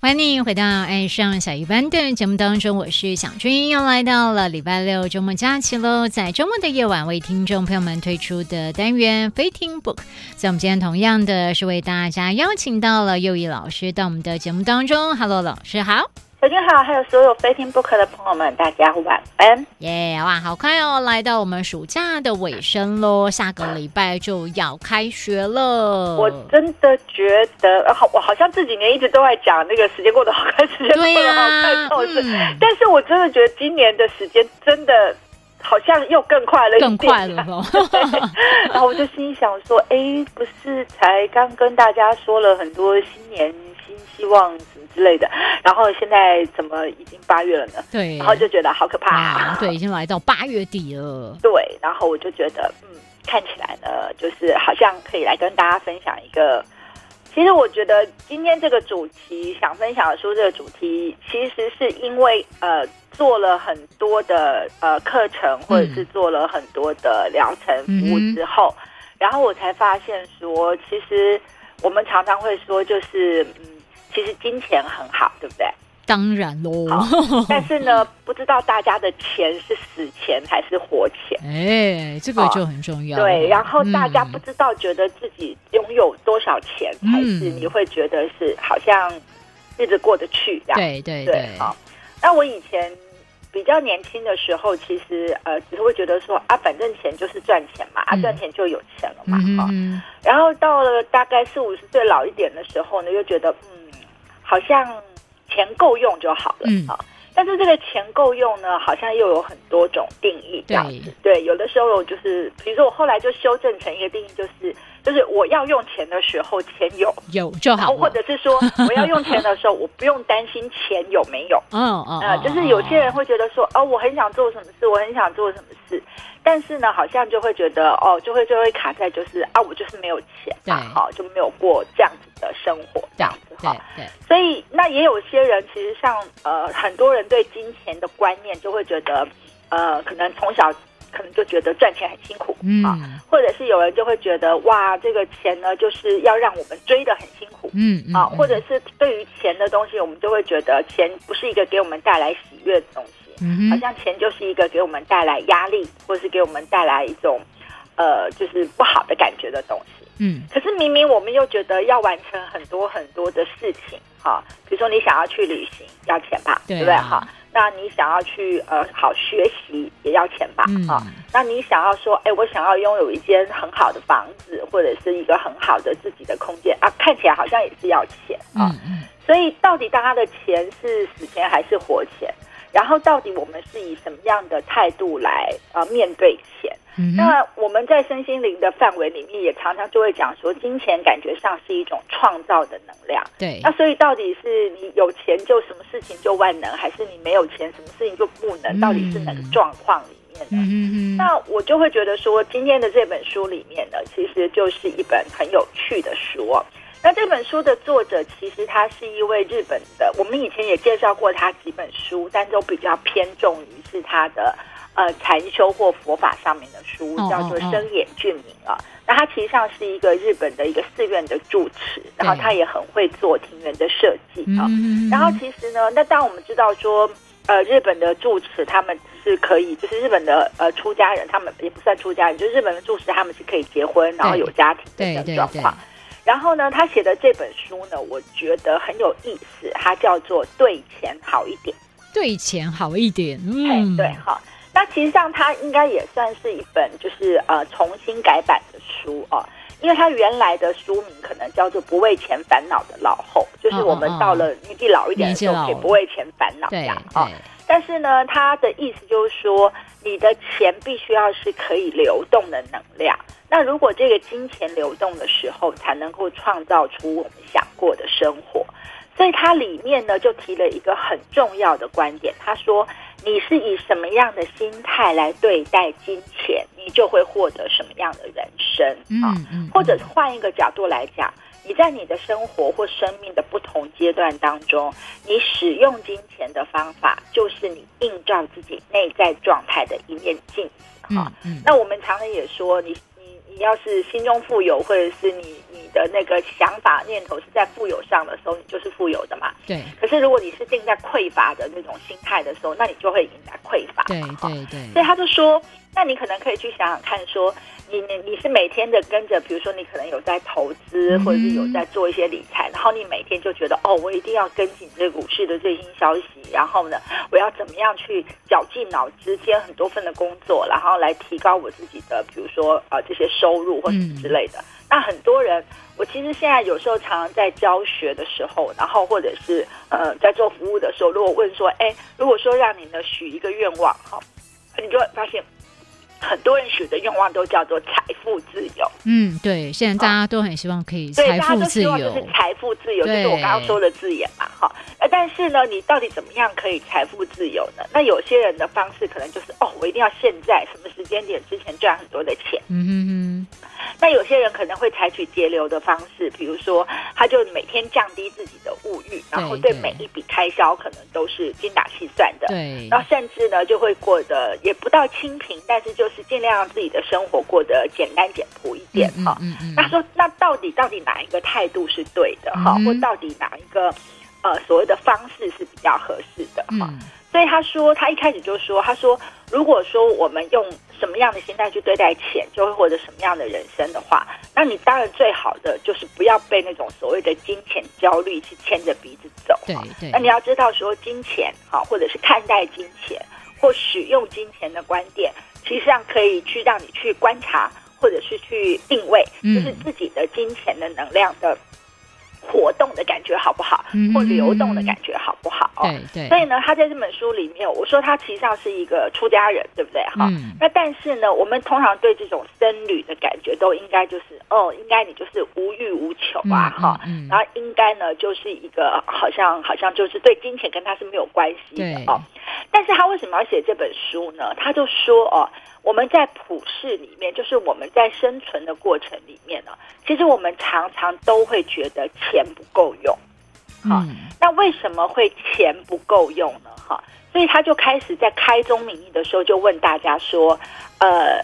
歡迎你回到《愛上小魚班》的節目當中，我是小軍，又來到了禮拜六周末假期嘍，在周末的夜晚為聽眾朋友們推出的單元《Fitting Book》。所以我們今天同樣的是為大家邀請到了右翼老師到我們的節目當中，Hello，老師好。大家好，還有所有飛天 book 的朋友們，大家晚安。耶，yeah, 哇，好快哦，來到我們暑假的尾聲嘍，下個禮拜就要開學了。我真的覺得，好，我好像這幾年一直都在講那個時間過得好快，時間過得好快，但、啊、是，嗯、但是我真的覺得今年的時間真的好像又更快了，更快了。 然後我就心想說，哎、欸，不是才剛跟大家說了很多新年。新希望什麼之類的，然後現在怎麼已經八月了呢？對，然後就覺得好可怕。啊、對，已經來到八月底了，啊。對，然後我就覺得，嗯，看起來呢，就是好像可以來跟大家分享一個。其實我覺得今天這個主題想分享的書，這個主題，其實是因為呃做了很多的呃課程或者是做了很多的療程服務之後，嗯、然後我才發現說，其實我們常常會說就是嗯。其實金錢很好，對不對？當然嘍、哦。但是呢，不知道大家的錢是死錢還是活錢？哎，這個就很重要、哦。對，然後大家不知道覺得自己擁有多少錢，嗯、還是你會覺得是好像日子過得去、嗯、這樣、對對對。好、哦，那我以前比較年輕的時候，其實呃，只是會覺得說啊，反正錢就是賺錢嘛，嗯、啊，賺錢就有錢了嘛。嗯哼、哦。然後到了大概四五十歲老一點的時候呢，又覺得嗯。好像錢夠用就好了啊，嗯，但是這個錢夠用呢，好像又有很多種定義這樣子。對，對，有的時候就是，比如說我後來就修正成一個定義，就是。就是我要用錢的時候，錢有有就好；或者是說我要用錢的時候，我不用擔心錢有沒有。嗯嗯，就是有些人會覺得說，哦，我很想做什麼事，我很想做什麼事，但是呢，好像就會覺得，哦，就會就會卡在就是啊，我就是沒有錢，對，好，啊，哦，就沒有過這樣子的生活，這樣子哈。對，所以那也有些人其實像呃，很多人對金錢的觀念就會覺得，呃，可能從小。可能就覺得賺錢很辛苦、嗯、啊，或者是有人就會覺得哇，這個錢呢就是要讓我們追得很辛苦，嗯，嗯，嗯啊，或者是對於錢的東西，我們就會覺得錢不是一個給我們帶來喜悅的東西，嗯哼，好像錢就是一個給我們帶來壓力，或是給我們帶來一種呃，就是不好的感覺的東西，嗯。可是明明我們又覺得要完成很多很多的事情，哈、啊，比如說你想要去旅行，要錢吧，對，啊、對不對，哈、啊？那你想要去呃好學習也要錢吧。嗯。啊，那你想要說，哎，我想要擁有一間很好的房子，或者是一個很好的自己的空間啊，看起來好像也是要錢啊。嗯。所以到底大家的錢是死錢還是活錢？然後到底我們是以什麼樣的態度來呃面對錢？那我們在身心靈的範圍裡面，也常常就會講說，金錢感覺上是一種創造的能量。對。那所以到底是你有錢就什麼事情就萬能，還是你沒有錢什麼事情就不能？到底是哪個狀況裡面的？嗯嗯，那我就會覺得說，今天的這本書裡面呢，其實就是一本很有趣的書。那這本書的作者其實他是一位日本的，我們以前也介紹過他幾本書，但都比較偏重於是他的。呃，禪修或佛法上面的書叫做《枡野俊明》啊，oh, oh, oh. 那他其實上是一個日本的一個寺院的住持，然後他也很會做庭園的設計啊。對然後其實呢，那當我們知道說，呃，日本的住持他們是可以，就是日本的呃出家人，他們也不算出家人，就是、日本的住持他們是可以結婚，對然後有家庭的一個狀況。對對對然後呢，他寫的這本書呢，我覺得很有意思，它叫做《對錢好一點》，對錢好一點，嗯，對好。那其實上，它應該也算是一本，就是呃，重新改版的書哦，因為它原來的書名可能叫做《不為錢煩惱的老後》，就是我們到了年紀老一點的時候，可以不為錢煩惱這樣哦。但是呢，他的意思就是說，你的錢必須要是可以流動的能量。那如果這個金錢流動的時候，才能夠創造出我們想過的生活。所以它裡面呢，就提了一個很重要的觀點，他說，你是以什麼樣的心態來對待金錢，你就會獲得什麼樣的人生啊！嗯嗯嗯、或者換一個角度來講，你在你的生活或生命的不同階段當中，你使用金錢的方法，就是你映照自己內在狀態的一面鏡子啊！嗯嗯、那我們常常也說你，你要是心中富有，或者是你你的那個想法念頭是在富有上的時候，你就是富有的嘛。對。可是如果你是定在匱乏的那種心態的時候，那你就會迎來匱乏。對對對。所以他就說，那你可能可以去想想看說，說你你你是每天的跟着，比如說你可能有在投資，或者是有在做一些理財。嗯然後你每天就覺得哦，我一定要跟緊這股市的最新消息。然後呢，我要怎麼樣去絞盡腦汁，接很多份的工作，然後來提高我自己的，比如說呃這些收入或者之類的。嗯、那很多人，我其實現在有時候常常在教學的時候，然後或者是呃在做服務的時候，如果問說，哎，如果說讓你呢許一個願望，哈，你就會發現。很多人許的願望都叫做財富自由。嗯，對，現在大家都很希望可以財富自由、哦。對，大家都希望就是財富自由，對就是我剛剛說的字眼嘛，哈、哦。但是呢，你到底怎麼樣可以財富自由呢？那有些人的方式可能就是，哦，我一定要現在什麼時間點之前賺很多的錢。嗯哼哼。那有些人可能會採取節流的方式，比如說，他就每天降低自己的物慾，對然後對每一筆開銷可能都是精打細算的。對，然後甚至呢，就會過得也不到清貧，但是就是儘量讓自己的生活過得簡單簡樸一點哈、嗯啊嗯。嗯嗯。他說：“那到底到底哪一個態度是對的哈？啊嗯、或到底哪一個呃，所謂的方式是比較合適的哈？”啊嗯所以他說，他一開始就說：“他說，如果說我們用什麼樣的心態去對待錢，就會獲得什麼樣的人生的話，那你當然最好的就是不要被那種所謂的金錢焦慮去牽着鼻子走啊。”對對，那你要知道，說金錢好啊，或者是看待金錢或使用金錢的觀點，其實上可以去讓你去觀察，或者是去定位，就是自己的金錢的能量的。活動的感覺好不好，或流動的感覺好不好？嗯嗯嗯對，對。所以呢，他在這本書裡面，我說他其實上是一個出家人，對不對？哈、嗯。那但是呢，我們通常對這種僧侶的感覺，都應該就是，哦，應該你就是無欲無求啊，哈、嗯嗯嗯。然後應該呢，就是一個好像好像就是對金錢跟他是沒有關係的，對哦。但是他為什麼要寫這本書呢？他就說，哦。我們在普世裡面，就是我們在生存的過程裡面呢，其實我們常常都會覺得錢不夠用，哈、嗯啊。那為什麼會錢不夠用呢？哈、啊，所以他就開始在開宗明義的時候就問大家說：“呃，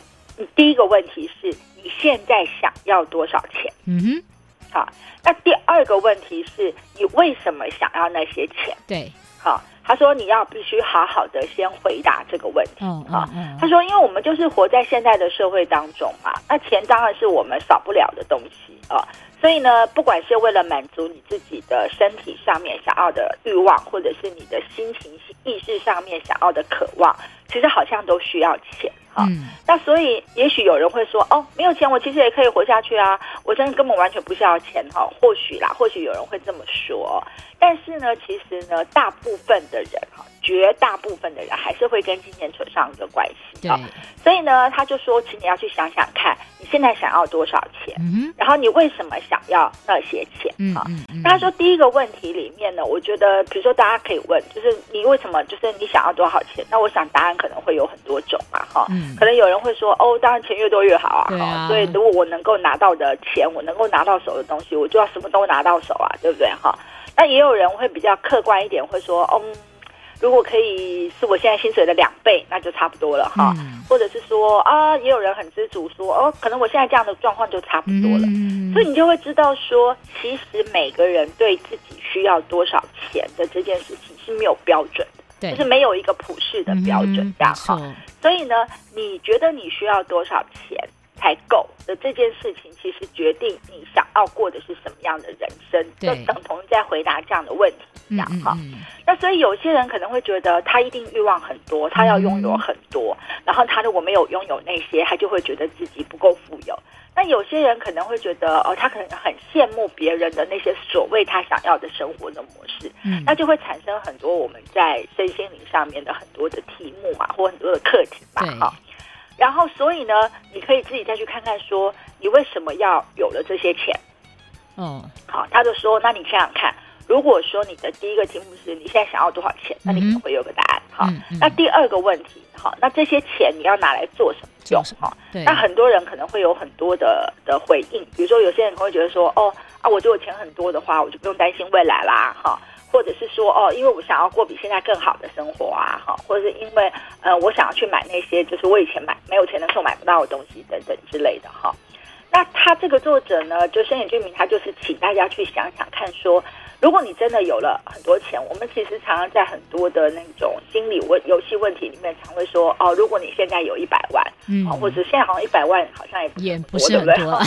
第一個問題是，你現在想要多少錢？嗯哼。好、啊，那第二個問題是，你為什麼想要那些錢？對，好、啊。”他說：“你要必須好好的先回答這個問題哈，啊。”他說：“因為我們就是活在現在的社會當中嘛，那錢當然是我們少不了的東西啊。所以呢，不管是為了滿足你自己的身體上面想要的欲望，或者是你的心情、意識上面想要的渴望。”其實好像都需要錢哈、嗯啊，那所以也許有人會說哦，沒有錢我其實也可以活下去啊，我真的根本完全不需要錢哈、啊。或許啦，或許有人會這麼說，但是呢，其實呢，大部分的人哈、啊，絕大部分的人還是會跟金錢扯上一個關係。對、啊，所以呢，他就說，請你要去想想看，你現在想要多少錢？嗯哼，然後你為什麼想要那些錢？嗯嗯,嗯、啊、那他說第一個問題裡面呢，我覺得比如說大家可以問，就是你為什麼？就是你想要多少錢？那我想答案。可能會有很多種嘛、啊，哈，嗯、可能有人會說，哦，當然錢越多越好啊，哈、啊哦，所以如果我能夠拿到的錢，我能夠拿到手的東西，我就要什麼都拿到手啊，對不對，哈？那也有人會比較客觀一點，會說，嗯、哦，如果可以是我現在薪水的兩倍，那就差不多了，嗯、哈，或者是說啊，也有人很知足，說，哦，可能我現在這樣的狀況就差不多了，嗯、所以你就會知道說，其實每個人對自己需要多少錢的這件事情是，是沒有標準的。對就是沒有一個普世的標準這樣哈，嗯、哼所以呢，你覺得你需要多少錢才夠的這件事情，其實決定你想要過的是什麼樣的人生，對就等同在回答這樣的問題一樣哈。嗯、哼那所以有些人可能會覺得他一定慾望很多，他要擁有很多，嗯、哼然後他如果沒有擁有那些，他就會覺得自己不夠富有。那有些人可能會覺得，哦，他可能很羨慕別人的那些所謂他想要的生活的模式，嗯，那就會產生很多我們在身心靈上面的很多的題目啊，或很多的課題吧，哈對、哦。然後，所以呢，你可以自己再去看看說，說你為什麼要有了這些錢？嗯，好、哦，他就說，那你想想看。如果說你的第一個題目是你現在想要多少錢，那你可能會有個答案。嗯嗯哈，那第二個問題，哈，那這些錢你要拿來做什麼用？就是、哈，那很多人可能會有很多的的回應，比如說有些人可能會覺得說，哦啊，我覺得我錢很多的話，我就不用擔心未來啦，哈，或者是說，哦，因為我想要過比現在更好的生活啊，哈，或者是因為呃，我想要去買那些就是我以前買沒有錢的時候買不到的東西，等等之類的哈。那他這個作者呢，就深野俊明，他就是請大家去想想看說。如果你真的有了很多錢，我們其實常常在很多的那種心理問遊戲問題裡面，常會說哦，如果你現在有一百萬，嗯、哦，或者現在好像一百萬好像也不是很多，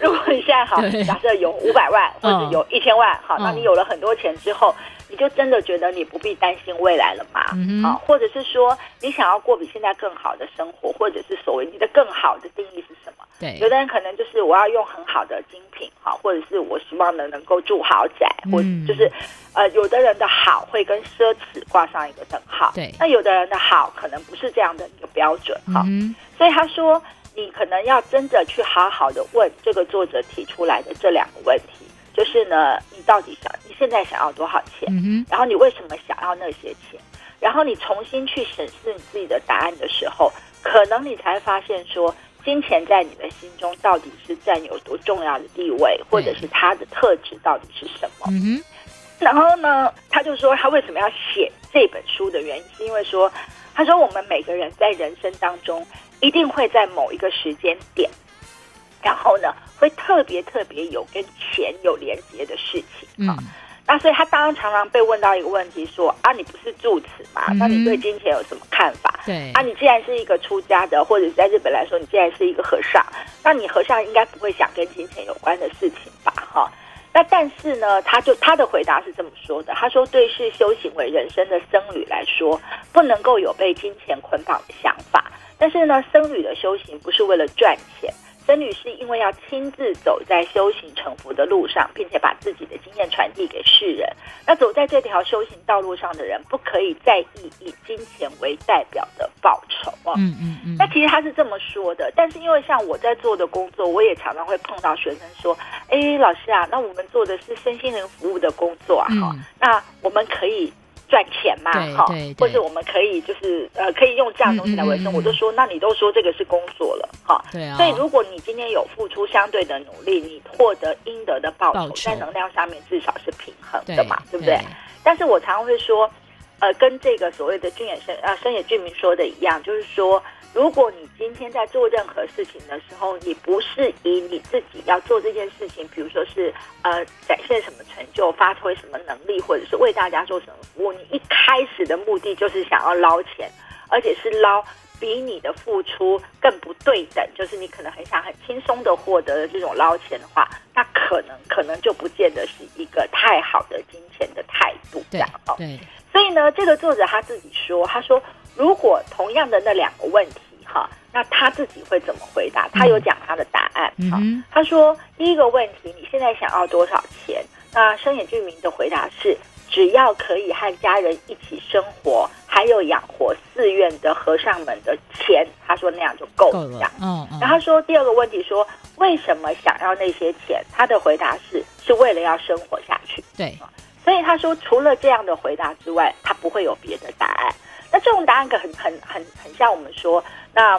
如果你現在好 對假設有五百萬或者有一千萬，哦、好，那你有了很多錢之後，你就真的覺得你不必擔心未來了嗎？啊、嗯哼哦，或者是說你想要過比現在更好的生活，或者是所謂你的更好的定義是什麼？對，有的人可能就是我要用很好的精品哈，或者是我希望能能夠住豪宅，嗯、或者就是呃，有的人的好會跟奢侈掛上一個等號。對，那有的人的好可能不是這樣的一個標準哈。嗯、哼所以他說，你可能要真的去好好的問這個作者提出來的這兩個問題，就是呢，你到底想你現在想要多少錢？嗯哼然後你為什麼想要那些錢？然後你重新去審視你自己的答案的時候，可能你才發現說。金錢在你的心中到底是占有多重要的地位，或者是他的特質到底是什麼？嗯、哼然後呢，他就說他為什麼要寫這本書的原因，是因為說，他說我們每個人在人生當中一定會在某一個時間點，然後呢，會特別特別有跟錢有連接的事情啊。啊、嗯那所以他當然常常被問到一個問題說，說啊，你不是住持嘛？那你對金錢有什麼看法？嗯、對啊，你既然是一個出家的，或者是在日本來說，你既然是一個和尚，那你和尚應該不會想跟金錢有關的事情吧？哈、哦，那但是呢，他就他的回答是這麼說的，他說對是修行為人生的僧侶來說，不能夠有被金錢捆綁的想法。但是呢，僧侶的修行不是為了賺錢。曾女士因為要親自走在修行成佛的路上，並且把自己的經驗傳遞給世人，那走在這條修行道路上的人，不可以在意以金錢為代表的報酬啊、嗯。嗯嗯嗯。那其實他是這麼說的，但是因為像我在做的工作，我也常常會碰到學生說：“哎，老師啊，那我們做的是身心靈服務的工作啊，哈、嗯，那我們可以。”賺錢嘛，哈，或者我們可以就是呃，可以用這樣東西來維生。嗯嗯嗯、我就說，那你都說這個是工作了，哈、哦，對啊、所以如果你今天有付出相對的努力，你獲得應得的報酬，報酬在能量上面至少是平衡的嘛，對，對不對？對，但是我常會說。呃，跟這個所謂的俊野生啊生野俊明說的一樣，就是說，如果你今天在做任何事情的時候，你不是以你自己要做這件事情，比如說是呃展現什麼成就、發揮什麼能力，或者是為大家做什麼服務，你一開始的目的就是想要撈錢，而且是撈比你的付出更不對等，就是你可能很想很輕鬆的獲得的這種撈錢的話，那可能可能就不見得是一個太好的金錢的態度。哦，對，對。所以呢，這個作者他自己說，他說如果同樣的那兩個問題哈、啊，那他自己會怎麼回答？他有講他的答案嗯、啊，他說第一個問題，你現在想要多少錢？那生野俊明的回答是，只要可以和家人一起生活，還有養活寺院的和尚們的錢，他說那樣就夠了。嗯，嗯，然後他說第二個問題說，說為什麼想要那些錢？他的回答是，是為了要生活下去。對。所以他說，除了這樣的回答之外，他不會有別的答案。那這種答案可很很很很像我們說，那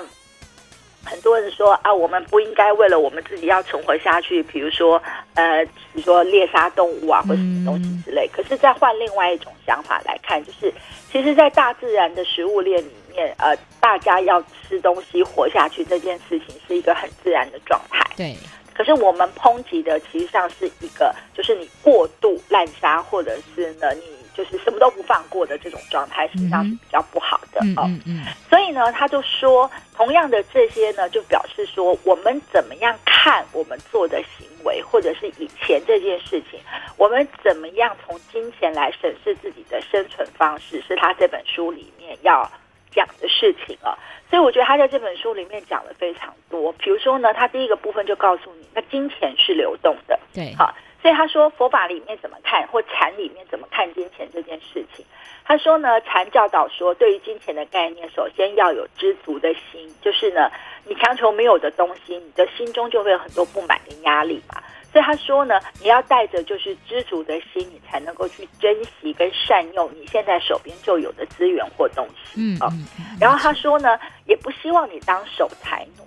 很多人說啊，我們不應該為了我們自己要存活下去，比如說呃，比如說獵殺動物啊，或什麼東西之類。嗯、可是再換另外一種想法來看，就是其實，在大自然的食物鏈裡面，呃，大家要吃東西活下去這件事情是一個很自然的狀態。對。可是我們抨擊的，其實上是一個，就是你過度濫殺，或者是呢，你就是什麼都不放過的這種狀態，實際上是比較不好的。嗯嗯嗯。所以呢，他就說，同樣的這些呢，就表示說，我們怎麼樣看我們做的行為，或者是以前這件事情，我們怎麼樣從金錢來審視自己的生存方式，是他這本書裡面要。講的事情啊，所以我覺得他在這本書裡面講了非常多。比如說呢，他第一個部分就告訴你，那金錢是流動的，對，好，啊。所以他說，佛法裡面怎麼看，或禪裡面怎麼看金錢這件事情？他說呢，禪教導說，對於金錢的概念，首先要有知足的心，就是呢，你強求沒有的東西，你的心中就會有很多不滿跟壓力嘛。所以，他說呢，你要帶着就是知足的心，你才能夠去珍惜跟善用你現在手邊就有的資源或東西嗯。嗯嗯。然後他說呢，也不希望你當守財奴。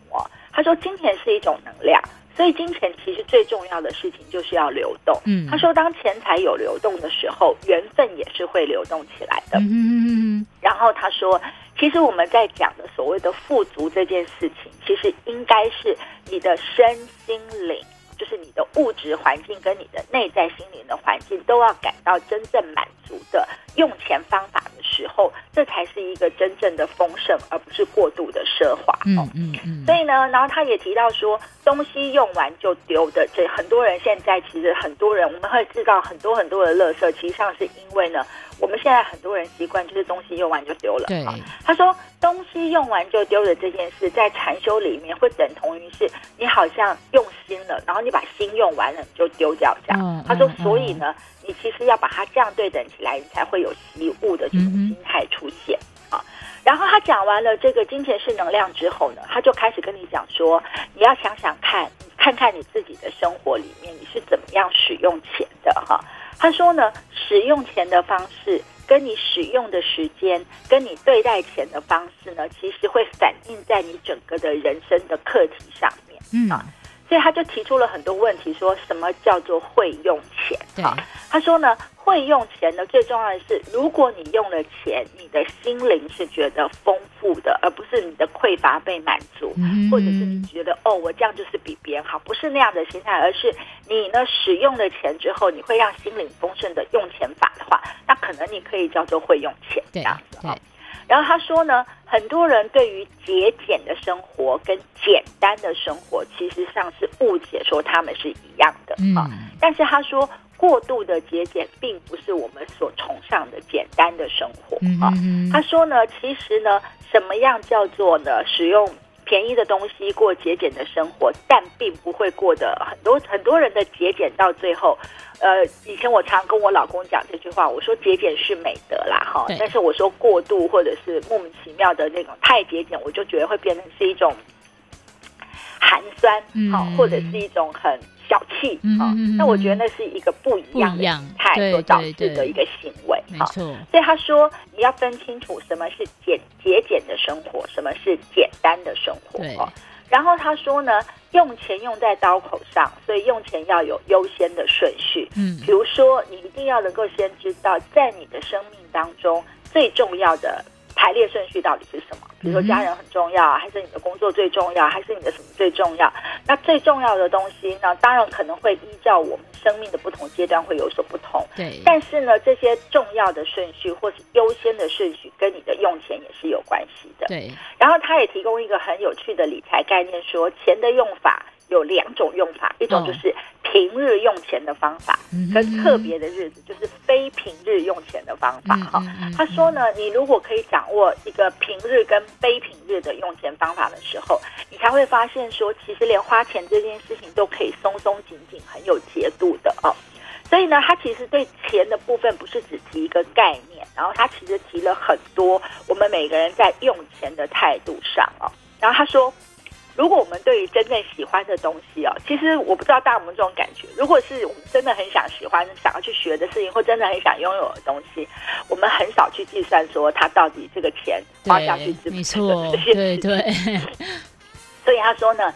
他說，金錢是一種能量，所以金錢其實最重要的事情就是要流動。嗯。他說，當錢財有流動的時候，緣分也是會流動起來的。嗯嗯嗯。嗯，然後他說，其實我們在講的所謂的富足這件事情，其實應該是你的身心靈。就是你的物質環境跟你的內在心靈的環境都要感到真正滿足的用錢方法的時候，這才是一個真正的豐盛，而不是過度的奢華。哦，嗯。嗯嗯，所以呢，然後他也提到說，東西用完就丟的，這很多人現在其實很多人，我們會制造很多很多的垃圾，其實上是因為呢。我們現在很多人習慣就是東西用完就丟了。哈對、啊，他說，東西用完就丟的這件事，在禪修裡面會等同於是你好像用心了，然後你把心用完了，你就丟掉。這樣。嗯、他說，嗯嗯、所以呢，你其實要把它這樣對等起來，你才會有惜物的這種心態出現。嗯、啊。然後他講完了這個金錢是能量之後呢，他就開始跟你講說，你要想想看，你看看你自己的生活裡面，你是怎麼樣使用錢的，哈、啊。他說呢，使用錢的方式，跟你使用的時間，跟你對待錢的方式呢，其實會反映在你整個的人生的課題上面。嗯啊。所以他就提出了很多問題，說什麼叫做會用錢？對、啊，他說呢，會用錢呢，最重要的是，如果你用了錢，你的心靈是覺得豐富的，而不是你的匱乏被滿足，或者是你覺得哦，我這樣就是比別人好，不是那樣的心態，而是你呢使用了錢之後，你會讓心靈豐盛的用錢法的話，那可能你可以叫做會用錢，對這樣子。然後他說呢，很多人對於節儉的生活跟簡單的生活，其實上是誤解，說他們是一樣的、嗯、啊。但是他說，過度的節儉並不是我們所崇尚的簡單的生活、嗯、哼哼啊。他說呢，其實呢，什麼樣叫做呢，使用。便宜的東西，過節儉的生活，但並不會過得很多，很多人的節儉到最後，呃，以前我常跟我老公講這句話，我說節儉是美德啦，哈對，但是我說過度或者是莫名其妙的那種太節儉，我就覺得會變成是一種寒酸，好，嗯，或者是一種很。小氣啊、嗯，那我覺得那是一個不一樣的態度導致的一個行為，沒錯。所以他說，你要分清楚什麼是節節儉的生活，什麼是簡單的生活。對然後他說呢，用錢用在刀口上，所以用錢要有優先的順序。嗯，比如說，你一定要能夠先知道，在你的生命當中最重要的。排列順序到底是什麼？比如說家人很重要，嗯、哼還是你的工作最重要，還是你的什麼最重要？那最重要的東西呢？當然可能會依照我們生命的不同階段會有所不同。對，但是呢，這些重要的順序或是優先的順序，跟你的用錢也是有關係的。對。然後他也提供一個很有趣的理財概念，說錢的用法有兩種用法，一種就是、哦。平日用錢的方法，跟特別的日子就是非平日用錢的方法。哈、哦，他說呢，你如果可以掌握一個平日跟非平日的用錢方法的時候，你才會發現說，其實連花錢這件事情都可以鬆鬆緊緊，很有節度的哦。所以呢，他其實對錢的部分不是只提一個概念，然後他其實提了很多我們每個人在用錢的態度上哦。然後他說。如果我們對於真正喜歡的東西哦，其實我不知道大家有沒有這種感覺。如果是我們真的很想喜歡、想要去學的事情，或真的很想擁有的東西，我們很少去計算說他到底這個錢對花下去值不值。對對對。所以他說呢，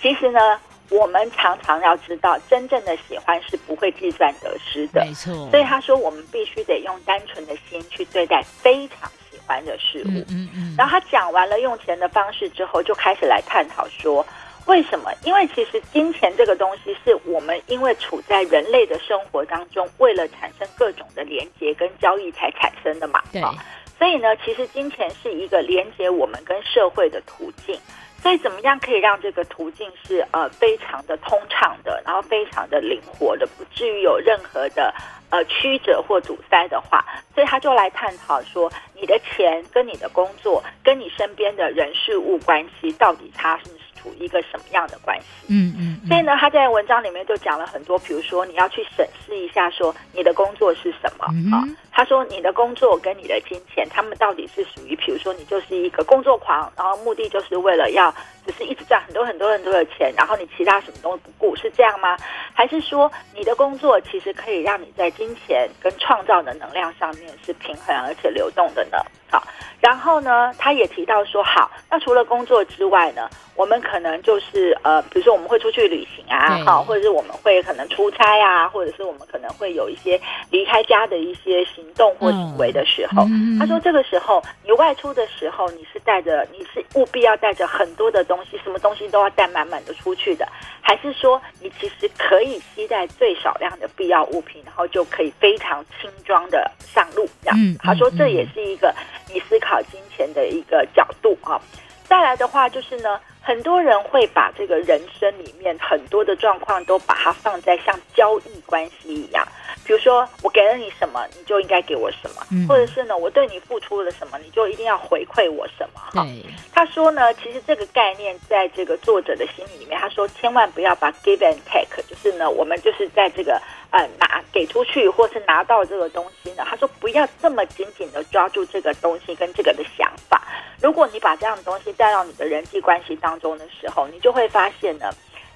其實呢，我們常常要知道真正的喜歡是不會計算得失的。沒錯。所以他說我們必須得用單純的心去對待非常。還的事物，嗯嗯，然後他講完了用錢的方式之後，就開始來探討說為什麼？因為其實金錢這個東西是我們因為處在人類的生活當中，為了產生各種的連接、跟交易才產生的嘛。對、哦，所以呢，其實金錢是一個連接我們跟社會的途徑。所以怎麼樣可以讓這個途徑是呃非常的通暢的，然後非常的靈活的，不至於有任何的呃曲折或堵塞的話，所以他就來探討說，你的錢跟你的工作，跟你身邊的人事物關係到底差是。處一個什麼樣的關係？嗯嗯，嗯嗯，所以呢，他在文章裡面就講了很多，比如說你要去審視一下，說你的工作是什麼，嗯嗯，啊？他說你的工作跟你的金錢，他們到底是屬於，比如說你就是一個工作狂，然後目的就是為了要。不是一直賺很多很多很多的錢，然後你其他什麼都不顧是這樣嗎？還是說你的工作其實可以讓你在金錢跟創造的能量上面是平衡而且流動的呢？好，然後呢，他也提到說，好，那除了工作之外呢，我們可能就是呃，比如說我們會出去旅行啊，好對，或者是我們會可能出差啊，或者是我們可能會有一些離開家的一些行動或行為的時候，oh, 他說這個時候、嗯、你外出的時候，你是帶着，你是務必要帶着很多的東西。東西什麼東西都要帶滿滿的出去的？還是說你其實可以攜帶最少量的必要物品，然後就可以非常輕裝的上路？這樣、嗯、他說這也是一個你思考金錢的一個角度啊。再來的話，就是呢，很多人會把這個人生裡面很多的狀況都把它放在像交易關係一樣，比如說我給了你什麼，你就應該給我什麼；或者是呢，我對你付出了什麼，你就一定要回饋我什麼。哈，他說呢，其實這個概念在這個作者的心裡面，他說千萬不要把 give and take，就是呢，我們就是在這個呃拿給出去或是拿到這個東西呢，他說不要這麼緊緊的抓住這個東西跟這個的想法。如果你把這樣的東西帶到你的人際關係當中，中的時候，你就會發現呢，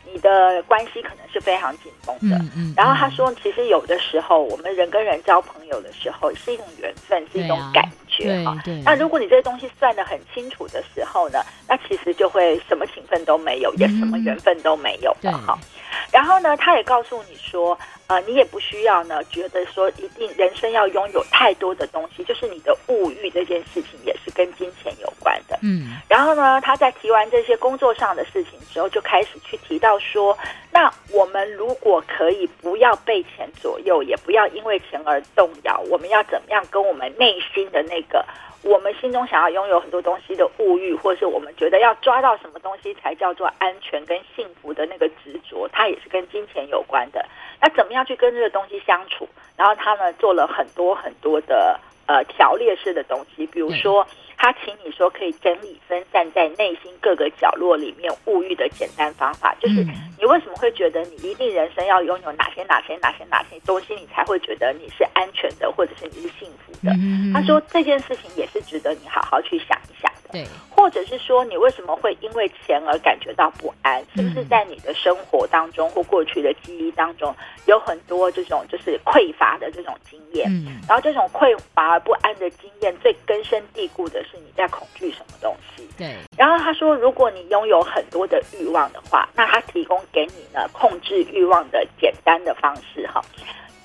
你的關係可能是非常緊繃的。嗯嗯，然後他說，其實有的時候，我們人跟人交朋友的時候，是一種緣分，是一種感。對，對。那如果你這些東西算的很清楚的時候呢，那其實就會什麼情分都沒有，也什麼緣分都沒有了哈。嗯，然後呢，他也告訴你說，呃，你也不需要呢，覺得說一定人生要擁有太多的東西，就是你的物欲這件事情也是跟金錢有關的。嗯，然後呢，他在提完這些工作上的事情之後，就開始去提到說，那我們如果可以不要被錢左右，也不要因為錢而動搖，我們要怎麼樣跟我們內心的那個。一個我們心中想要擁有很多東西的物欲，或者是我們覺得要抓到什麼東西才叫做安全跟幸福的那個執着，它也是跟金錢有關的。那怎麼樣去跟這個東西相處？然後他們做了很多很多的。呃，條列式的東西，比如說，他請你說可以整理分散在內心各個角落裡面物欲的簡單方法，就是你為什麼會覺得你一定人生要擁有哪些哪些哪些哪些東西，你才會覺得你是安全的，或者是你是幸福的？嗯，他說這件事情也是值得你好好去想一想。對，或者是說，你為什麼會因為錢而感覺到不安？是不是在你的生活當中、嗯、或過去的記憶當中，有很多這種就是匱乏的這種經驗？嗯，然後這種匱乏而不安的經驗，最根深蒂固的是你在恐懼什麼東西？對。然後他說，如果你擁有很多的欲望的話，那他提供給你呢，控制欲望的簡單的方式哈。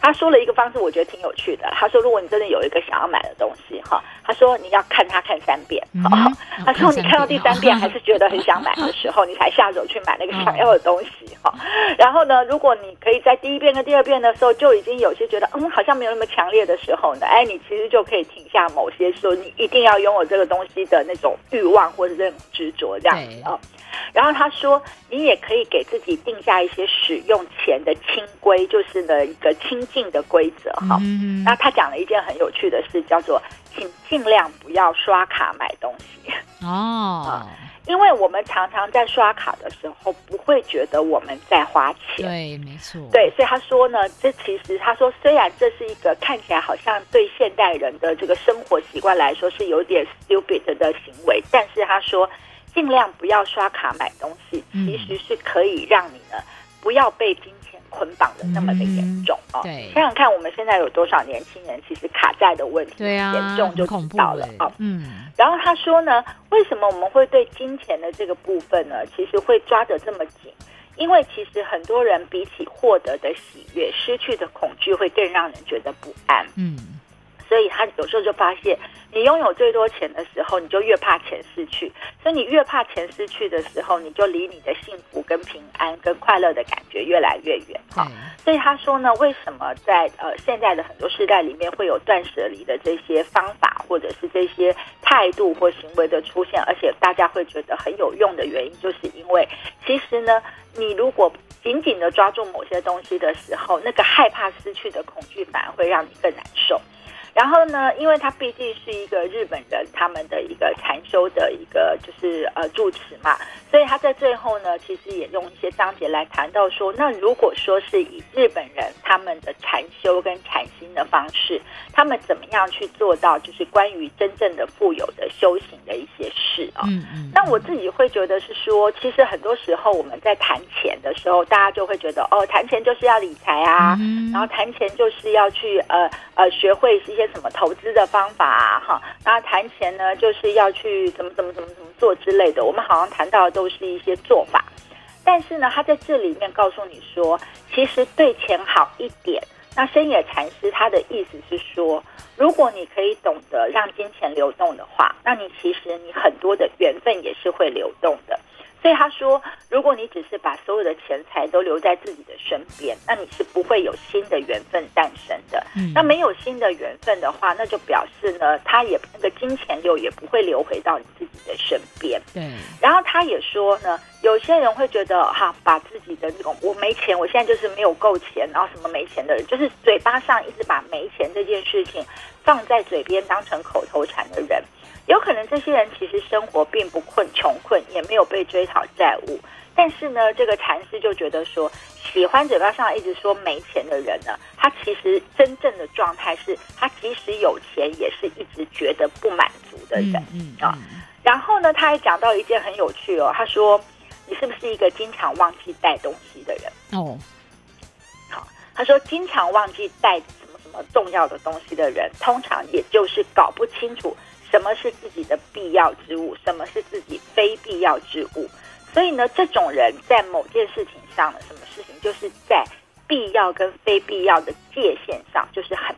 他說了一個方式，我覺得挺有趣的。他說，如果你真的有一個想要買的東西，哈，他說你要看他看三遍，嗯哦，他說你看到第三遍，還是覺得很想買的時候，嗯、你才下手去買那個想要的東西，哈、嗯。然後呢，如果你可以在第一遍跟第二遍的時候就已經有些覺得，嗯，好像沒有那麼強烈的時候呢，哎，你其實就可以停下某些說你一定要擁有這個東西的那種慾望或者這種執着這樣子啊。對然後他說，你也可以給自己定下一些使用錢的清規，就是的一個清。定的規則哈，嗯、哼那他講了一件很有趣的事，叫做請盡量不要刷卡買東西哦、嗯，因為我們常常在刷卡的時候不會覺得我們在花錢，對，沒錯，對，所以他說呢，這其實他說雖然這是一個看起來好像對現代人的這個生活習慣來說是有點 stupid 的行為，但是他說盡量不要刷卡買東西，其實是可以讓你呢不要被金。捆綁的那麼的嚴重啊！想想看，我們現在有多少年輕人其實卡債的問題嚴重就知道了啊！嗯，然後他說呢，為什麼我們會對金錢的這個部分呢，其實會抓得這麼緊？因為其實很多人比起獲得的喜悅，失去的恐懼會更讓人覺得不安。嗯。所以，他有時候就發現，你擁有最多錢的時候，你就越怕錢失去；所以，你越怕錢失去的時候，你就離你的幸福、跟平安、跟快樂的感覺越來越遠。哈，所以他說呢，為什麼在呃現在的很多世代裡面會有斷舍離的這些方法，或者是這些態度或行為的出現，而且大家會覺得很有用的原因，就是因為其實呢，你如果緊緊的抓住某些東西的時候，那個害怕失去的恐懼反而會讓你更難受。然後呢，因為他畢竟是一個日本人，他們的一個禪修的一個就是呃住持嘛，所以他在最後呢，其實也用一些章節來談到說，那如果說是以日本人他們的禪修跟禪心的方式，他們怎麼樣去做到就是關於真正的富有的修行的一些事啊、哦。嗯嗯。那我自己會覺得是說，其實很多時候我們在談錢的時候，大家就會覺得哦，談錢就是要理財啊，嗯嗯。然後談錢就是要去呃呃學會一些。什麼投資的方法啊？哈，那談錢呢，就是要去怎麼怎麼怎麼怎麼做之類的。我們好像談到的都是一些做法，但是呢，他在這裡面告訴你說，其實對錢好一點。那深野禪師他的意思是說，如果你可以懂得讓金錢流動的話，那你其實你很多的緣分也是會流動的。所以他說，如果你只是把所有的錢財都留在自己的身邊，那你是不會有新的緣分誕生的。那沒有新的緣分的話，那就表示呢，他也那個金錢流也不會流回到你自己的身邊。對。然後他也說呢，有些人會覺得哈、啊，把自己的那種我沒錢，我現在就是沒有夠錢，然後什麼沒錢的人，就是嘴巴上一直把沒錢這件事情放在嘴邊，當成口頭禪的人。有可能這些人其實生活並不困窮困，也沒有被追討債務，但是呢，這個禪師就覺得說，喜歡嘴巴上一直說沒錢的人呢，他其實真正的狀態是他即使有錢，也是一直覺得不滿足的人啊。嗯嗯嗯，然後呢，他還講到一件很有趣哦，他說：“你是不是一個經常忘記帶東西的人？”哦，好，他說：“經常忘記帶什麼什麼重要的東西的人，通常也就是搞不清楚。”什麼是自己的必要之物，什麼是自己非必要之物？所以呢，這種人在某件事情上，什麼事情就是在必要跟非必要的界限上，就是很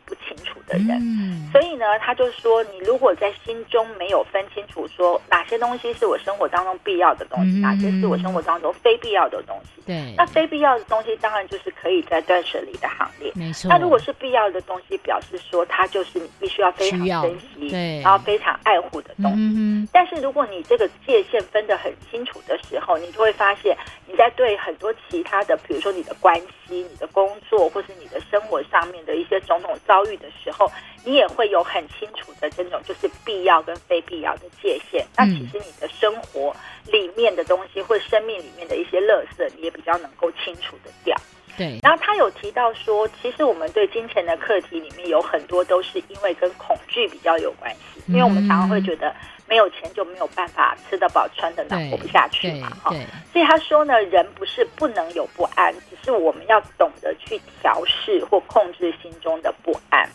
的人，嗯、所以呢，他就說，你如果在心中沒有分清楚說，說哪些東西是我生活當中必要的東西，嗯、哪些是我生活當中非必要的東西，對，那非必要的東西當然就是可以在斷捨離的行列，沒錯，那如果是必要的東西，表示說它就是你必須要非常珍惜，對，然後非常愛護的東西。嗯、但是如果你這個界限分得很清楚的時候，你就會發現。在對很多其他的，比如說你的關係、你的工作，或是你的生活上面的一些種種遭遇的時候，你也會有很清楚的這種就是必要跟非必要的界限。那其實你的生活裡面的東西，或者生命裡面的一些垃圾，你也比較能夠清楚的掉。對。然後他有提到說，其實我們對金錢的課題裡面有很多都是因為跟恐懼比較有關係，因為我們常常會覺得。沒有錢就沒有辦法吃得飽、穿得暖，活不下去嘛！哈，所以他說呢，人不是不能有不安，只是我們要懂得去調適或控制心中的不安。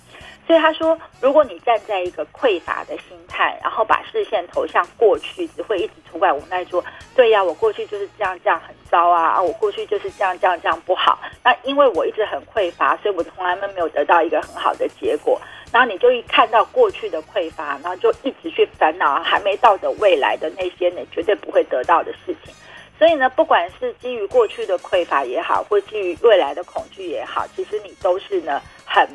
所以他說，如果你站在一個匱乏的心態，然後把視線投向過去，只會一直責怪、無奈，說：“對呀、啊，我過去就是這樣，這樣很糟啊！啊，我過去就是這樣，這樣這樣不好。那因為我一直很匱乏，所以我從來都沒有得到一個很好的結果。”然後你就一看到過去的匱乏，然後就一直去煩惱還沒到的未來的那些你絕對不會得到的事情。所以呢，不管是基於過去的匱乏也好，或基於未來的恐懼也好，其實你都是呢很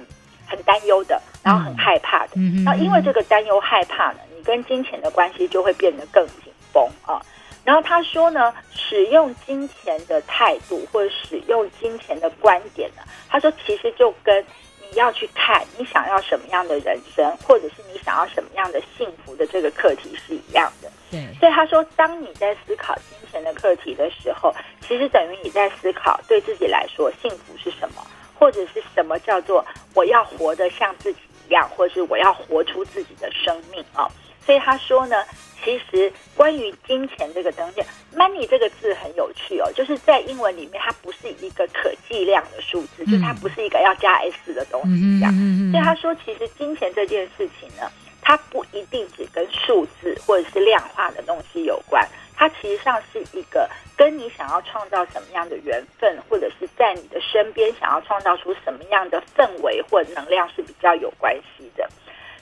很擔憂的，然後很害怕的。嗯嗯嗯、那因為這個擔憂害怕呢，你跟金錢的關係就會變得更緊繃啊。然後他說呢，使用金錢的態度或者使用金錢的觀點呢，他說其實就跟。你要去看你想要什麼樣的人生，或者是你想要什麼樣的幸福的這個課題是一樣的。對所以他說，當你在思考金錢的課題的時候，其實等於你在思考對自己來說幸福是什麼，或者是什麼叫做我要活得像自己一樣，或者是我要活出自己的生命哦、啊所以他說呢，其實關於金錢這個東西，money 這個字很有趣哦，就是在英文裡面它不是一個可計量的數字，嗯、就是它不是一個要加 s 的東西一樣。嗯嗯嗯嗯、所以他說，其實金錢這件事情呢，它不一定只跟數字或者是量化的東西有關，它其實上是一個跟你想要創造什麼樣的緣分，或者是在你的身邊想要創造出什麼樣的氛圍或能量是比較有關係的。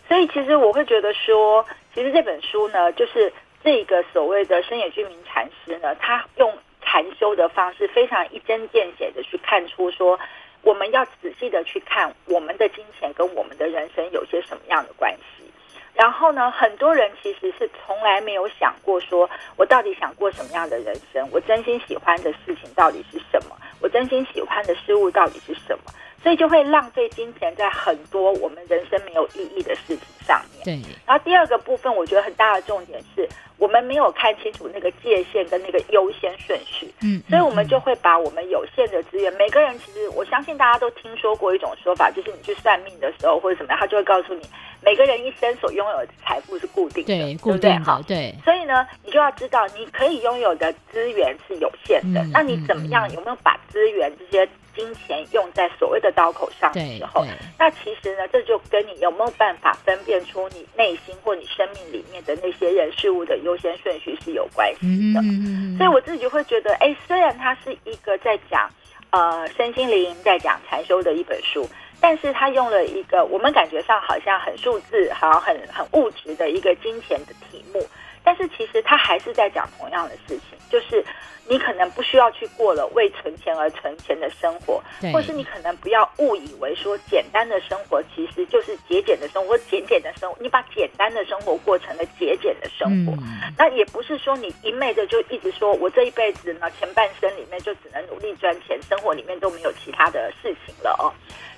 所以，其實我會覺得說，其實這本書呢，就是這個所謂的深野俊明禪師呢，他用禪修的方式，非常一針見血的去看出說，我們要仔細的去看我們的金錢跟我們的人生有些什麼樣的關係。然後呢，很多人其實是從來沒有想過說，我到底想過什麼樣的人生？我真心喜歡的事情到底是什麼？我真心喜歡的事物到底是什麼？所以就會浪費金錢在很多我們人生沒有意義的事情上面。對然後第二個部分，我覺得很大的重點是。我們沒有看清楚那個界限跟那個優先順序，嗯，所以我們就會把我們有限的資源。嗯、每個人其實，我相信大家都聽說過一種說法，就是你去算命的時候或者怎麼樣，他就會告訴你，每個人一生所擁有的財富是固定的，對，對不對？好，對好。所以呢，你就要知道，你可以擁有的資源是有限的。嗯、那你怎麼樣？有沒有把資源、這些金錢用在所謂的刀口上的時候？那其實呢，這就跟你有沒有辦法分辨出你內心或你生命裡面的那些人事物的。優先順序是有關係的，嗯嗯嗯嗯，所以我自己會覺得，哎、欸，雖然它是一個在講呃身心靈，在講禪修的一本書，但是它用了一個我們感覺上好像很數字、好像很很物質的一個金錢的題目，但是其實它還是在講同樣的事情，就是。你可能不需要去過了為存錢而存錢的生活，對或是你可能不要誤以為說，簡單的生活其實就是節儉的生活，節儉的生活，你把簡單的生活過成了節儉的生活，嗯、那也不是說你一昧的就一直說我這一輩子呢，前半生裡面就只能努力賺錢，生活裡面都沒有其他的事情了哦。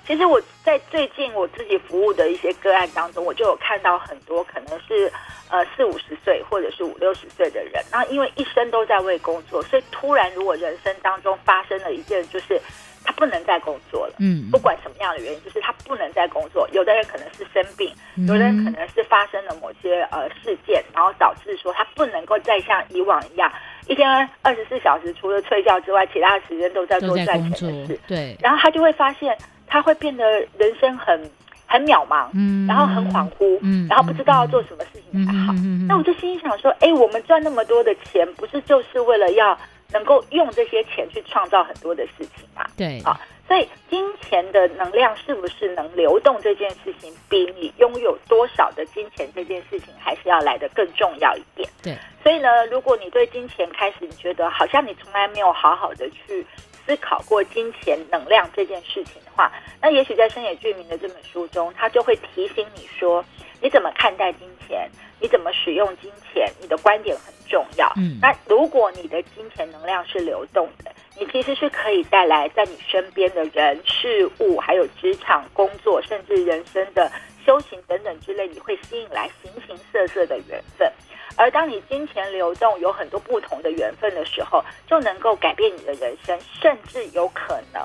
其實我在最近我自己服務的一些個案當中，我就有看到很多可能是呃四五十歲或者是五六十歲的人，那因為一生都在為工作，所以突然，如果人生當中發生了一件，就是他不能再工作了。嗯，不管什麼樣的原因，就是他不能再工作。有的人可能是生病，嗯、有的人可能是發生了某些呃事件，然後導致說他不能夠再像以往一樣，一天二十四小時除了睡覺之外，其他的時間都在做賺錢的事。對，然後他就會發現，他會變得人生很。很渺茫，嗯，然後很恍惚，嗯，然後不知道要做什麼事情才好，嗯，嗯，嗯，嗯，嗯，嗯。那我就心想說，哎，我們賺那麼多的錢，不是就是為了要能夠用這些錢去創造很多的事情嗎？對，啊、哦，所以金錢的能量是不是能流動這件事情，比你擁有多少的金錢這件事情，還是要來得更重要一點。對，所以呢，如果你對金錢開始，你覺得好像你從來沒有好好的去。思考過金錢能量這件事情的話，那也許在深野俊明的這本書中，他就會提醒你說，你怎麼看待金錢，你怎麼使用金錢，你的觀點很重要。嗯，那如果你的金錢能量是流動的，你其實是可以帶來在你身邊的人、事物，還有職場工作，甚至人生的修行等等之類，你會吸引來形形色色的緣分。而當你金錢流動有很多不同的緣分的時候，就能夠改變你的人生，甚至有可能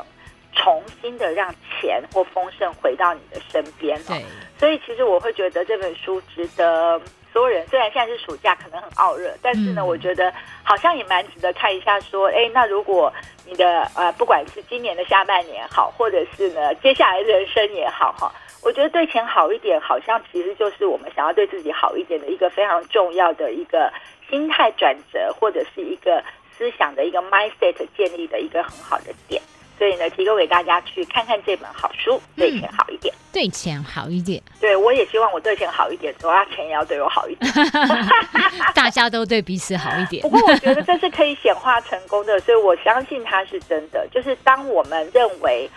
重新的讓錢或豐盛回到你的身邊。對所以其實我會覺得這本書值得所有人。雖然現在是暑假，可能很燥熱，但是呢，嗯、我覺得好像也蠻值得看一下。說，哎，那如果你的呃，不管是今年的下半年好，或者是呢接下來的人生也好，哈。我覺得對錢好一點，好像其實就是我們想要對自己好一點的一個非常重要的一個心態轉折，或者是一個思想的一個 mindset 建立的一個很好的點。所以呢，提供給大家去看看這本好書，嗯、對錢好一點，對錢好一點。對，我也希望我對錢好一點，我要錢也要對我好一點， 大家都對彼此好一點。 不過我覺得這是可以顯化成功的，所以我相信它是真的。就是當我們認為。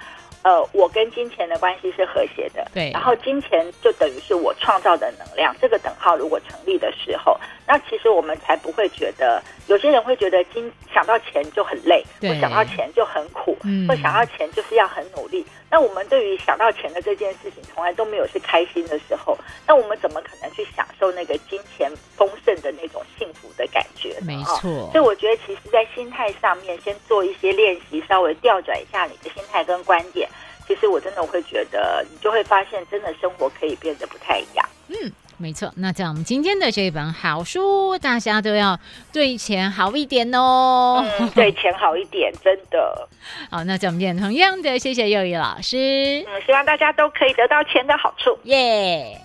呃，我跟金錢的關係是和諧的，對。然後金錢就等於是我創造的能量，這個等號如果成立的時候，那其實我們才不會覺得，有些人會覺得金想到錢就很累，對，或想到錢就很苦，嗯，或想到錢就是要很努力。那我們對於想到錢的這件事情，從來都沒有是開心的時候。那我們怎麼可能去享受那個金錢豐盛的那種幸福的感覺呢？哦。沒錯。所以我覺得，其實，在心態上面先做一些練習，稍微調轉一下你的心態跟觀點，其實我真的會覺得，你就會發現，真的生活可以變得不太一樣。嗯。沒錯，那在我們今天的這一本好書，大家都要對錢好一點哦。嗯，對錢好一點，真的。 好，那這我們也同樣的，謝謝幼語老師。嗯，希望大家都可以得到錢的好處，耶，yeah。